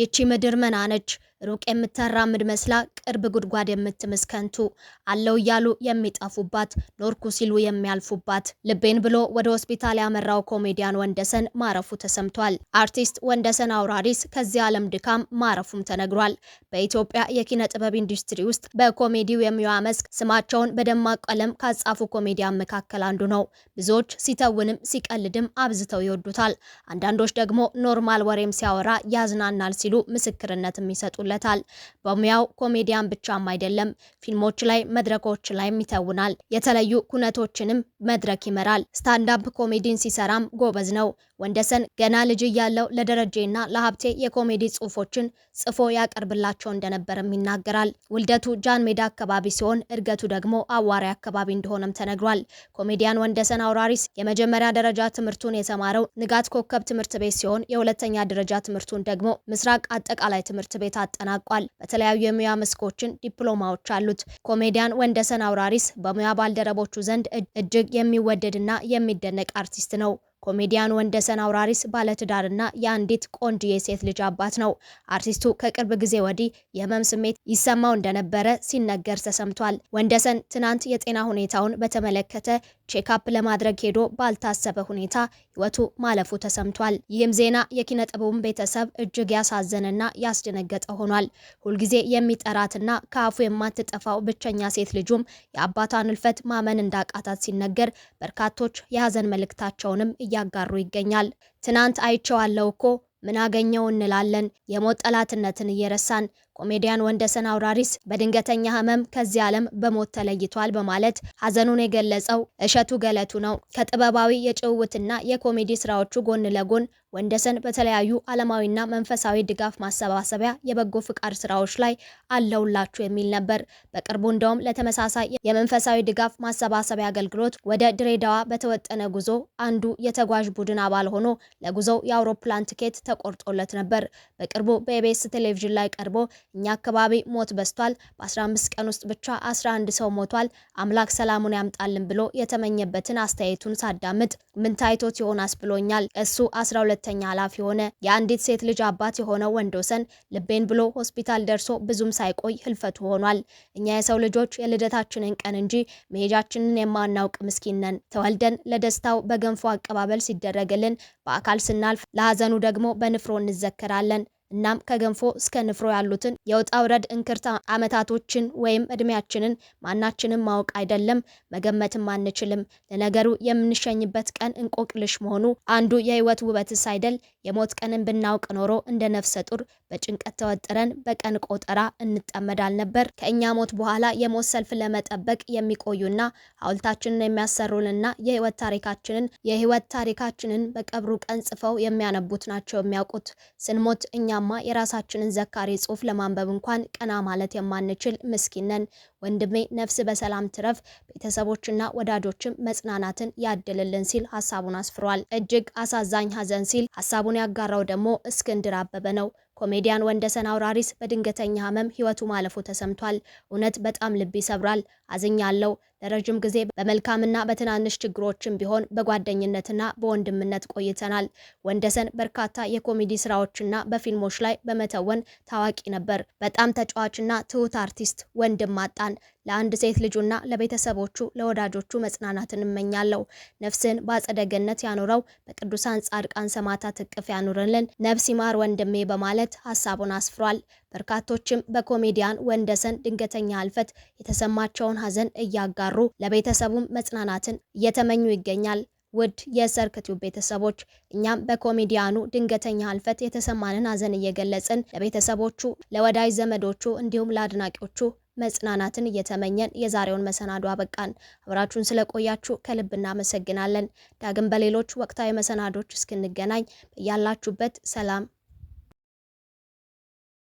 ይቺ ምድር መና ነች ሩቅ የምታራምድ መስላ ቅርብ ጉድጓድ የምትምስ ከንቱ አለው እያሉ የሚጠፉባት ኖርኩ ሲሉ የሚያልፉባት ልቤን ብሎ ወደ ሆስፒታል ያመራው ኮሜዲያን ወንደሰን ማረፉ ተሰምቷል። አርቲስት ወንደሰን አውራሪስ ከዚህ ዓለም ድካም ማረፉም ተነግሯል። በኢትዮጵያ የኪነ ጥበብ ኢንዱስትሪ ውስጥ በኮሜዲው የሚዋ መስክ ስማቸውን በደማቅ ቀለም ካጻፉ ኮሜዲያን መካከል አንዱ ነው። ብዙዎች ሲተውንም ሲቀልድም አብዝተው ይወዱታል። አንዳንዶች ደግሞ ኖርማል ወሬም ሲያወራ ያዝናናል ሲሉ ምስክርነትም ይሰጡል ተበጅቶለታል። በሙያው ኮሜዲያን ብቻም አይደለም፣ ፊልሞች ላይ መድረኮች ላይም ይተውናል። የተለዩ ኩነቶችንም መድረክ ይመራል። ስታንዳፕ ኮሜዲን ሲሰራም ጎበዝ ነው። ወንደሰን ገና ልጅ እያለው ለደረጄና ለሀብቴ የኮሜዲ ጽሑፎችን ጽፎ ያቀርብላቸው እንደነበርም ይናገራል። ውልደቱ ጃን ሜዳ አካባቢ ሲሆን እድገቱ ደግሞ አዋሪ አካባቢ እንደሆነም ተነግሯል። ኮሜዲያን ወንደሰን አውራሪስ የመጀመሪያ ደረጃ ትምህርቱን የተማረው ንጋት ኮከብ ትምህርት ቤት ሲሆን የሁለተኛ ደረጃ ትምህርቱን ደግሞ ምስራቅ አጠቃላይ ትምህርት ቤት አጠናቋል። በተለያዩ የሙያ መስኮችን ዲፕሎማዎች አሉት። ኮሜዲያን ወንደሰን አውራሪስ በሙያ ባልደረቦቹ ዘንድ እጅግ የሚወደድና የሚደነቅ አርቲስት ነው። ኮሜዲያን ወንደሰን አውራሪስ ባለትዳርና የአንዲት ቆንጆ የሴት ልጅ አባት ነው። አርቲስቱ ከቅርብ ጊዜ ወዲህ የህመም ስሜት ይሰማው እንደነበረ ሲነገር ተሰምቷል። ወንደሰን ትናንት የጤና ሁኔታውን በተመለከተ ቼክአፕ ለማድረግ ሄዶ ባልታሰበ ሁኔታ ህይወቱ ማለፉ ተሰምቷል። ይህም ዜና የኪነ ጥበቡን ቤተሰብ እጅግ ያሳዘነና ያስደነገጠ ሆኗል። ሁልጊዜ የሚጠራትና ከአፉ የማትጠፋው ብቸኛ ሴት ልጁም የአባቷን እልፈት ማመን እንዳቃታት ሲነገር በርካቶች የሀዘን መልእክታቸውንም እያጋሩ ይገኛል። ትናንት አይቼዋለሁ እኮ ምን አገኘው እንላለን። የሞት ጠላትነትን እየረሳን ኮሜዲያን ወንደሰን አውራሪስ በድንገተኛ ህመም ከዚህ ዓለም በሞት ተለይቷል በማለት ሀዘኑን የገለጸው እሸቱ ገለቱ ነው። ከጥበባዊ የጭውውትና የኮሜዲ ስራዎቹ ጎን ለጎን ወንደሰን በተለያዩ ዓለማዊና መንፈሳዊ ድጋፍ ማሰባሰቢያ የበጎ ፍቃድ ስራዎች ላይ አለውላችሁ የሚል ነበር። በቅርቡ እንደውም ለተመሳሳይ የመንፈሳዊ ድጋፍ ማሰባሰቢያ አገልግሎት ወደ ድሬዳዋ በተወጠነ ጉዞ አንዱ የተጓዥ ቡድን አባል ሆኖ ለጉዞው የአውሮፕላን ትኬት ተቆርጦለት ነበር። በቅርቡ በኢቢኤስ ቴሌቪዥን ላይ ቀርቦ እኛ አካባቢ ሞት በዝቷል፣ በ15 ቀን ውስጥ ብቻ 11 ሰው ሞቷል፣ አምላክ ሰላሙን ያምጣልን ብሎ የተመኘበትን አስተያየቱን ሳዳምጥ ምን ታይቶት ይሆናስ ብሎኛል። እሱ 12 ከፍተኛ ኃላፊ ሆነ። የአንዲት ሴት ልጅ አባት የሆነው ወንዶሰን ልቤን ብሎ ሆስፒታል ደርሶ ብዙም ሳይቆይ ህልፈቱ ሆኗል። እኛ የሰው ልጆች የልደታችንን ቀን እንጂ መሄጃችንን የማናውቅ ምስኪን ነን። ተወልደን ለደስታው በገንፎ አቀባበል ሲደረግልን፣ በአካል ስናልፍ ለሀዘኑ ደግሞ በንፍሮ እንዘከራለን። እናም ከገንፎ እስከ ንፍሮ ያሉትን የውጣ ውረድ እንክርታ አመታቶችን ወይም እድሜያችንን ማናችንም ማወቅ አይደለም መገመትም አንችልም። ለነገሩ የምንሸኝበት ቀን እንቆቅልሽ መሆኑ አንዱ የህይወት ውበት ሳይደል የሞት ቀንን ብናውቅ ኖሮ እንደ ነፍሰ ጡር በጭንቀት ተወጥረን በቀን ቆጠራ እንጠመዳል ነበር። ከእኛ ሞት በኋላ የሞት ሰልፍ ለመጠበቅ የሚቆዩና ሐውልታችንን የሚያሰሩንና የህይወት ታሪካችንን የህይወት ታሪካችንን በቀብሩ ቀን ጽፈው የሚያነቡት ናቸው የሚያውቁት ስንሞት እኛ እኛማ የራሳችንን ዘካሪ ጽሑፍ ለማንበብ እንኳን ቀና ማለት የማንችል ምስኪነን። ወንድሜ ነፍስ በሰላም ትረፍ፣ ቤተሰቦችና ወዳጆችም መጽናናትን ያድልልን ሲል ሀሳቡን አስፍሯል። እጅግ አሳዛኝ ሀዘን ሲል ሀሳቡን ያጋራው ደግሞ እስክንድር አበበ ነው። ኮሜዲያን ወንደሰን አውራሪስ በድንገተኛ ህመም ህይወቱ ማለፉ ተሰምቷል። እውነት በጣም ልብ ይሰብራል። አዝኛለሁ። ለረጅም ጊዜ በመልካምና በትናንሽ ችግሮችም ቢሆን በጓደኝነትና በወንድምነት ቆይተናል። ወንደሰን በርካታ የኮሜዲ ስራዎችና በፊልሞች ላይ በመተወን ታዋቂ ነበር። በጣም ተጫዋችና ትሁት አርቲስት ወንድም አጣን። ለአንድ ሴት ልጁና ለቤተሰቦቹ ለወዳጆቹ መጽናናትን እመኛለሁ። ነፍስን በአጸደ ገነት ያኑረው፣ በቅዱሳን ጻድቃን ሰማዕታት እቅፍ ያኑርልን፣ ነፍስ ይማር ወንድሜ በማለት ሀሳቡን አስፍሯል። በርካቶችም በኮሜዲያን ወንደሰን ድንገተኛ ህልፈት የተሰማቸውን ሀዘን እያጋሩ ለቤተሰቡም መጽናናትን እየተመኙ ይገኛል። ውድ የሰርክ ቤተሰቦች እኛም በኮሜዲያኑ ድንገተኛ ህልፈት የተሰማንን ሀዘን እየገለጽን ለቤተሰቦቹ፣ ለወዳጅ ዘመዶቹ እንዲሁም ለአድናቂዎቹ መጽናናትን እየተመኘን የዛሬውን መሰናዶ አበቃን። አብራችሁን ስለቆያችሁ ከልብ እናመሰግናለን። ዳግም በሌሎች ወቅታዊ መሰናዶች እስክንገናኝ በያላችሁበት ሰላም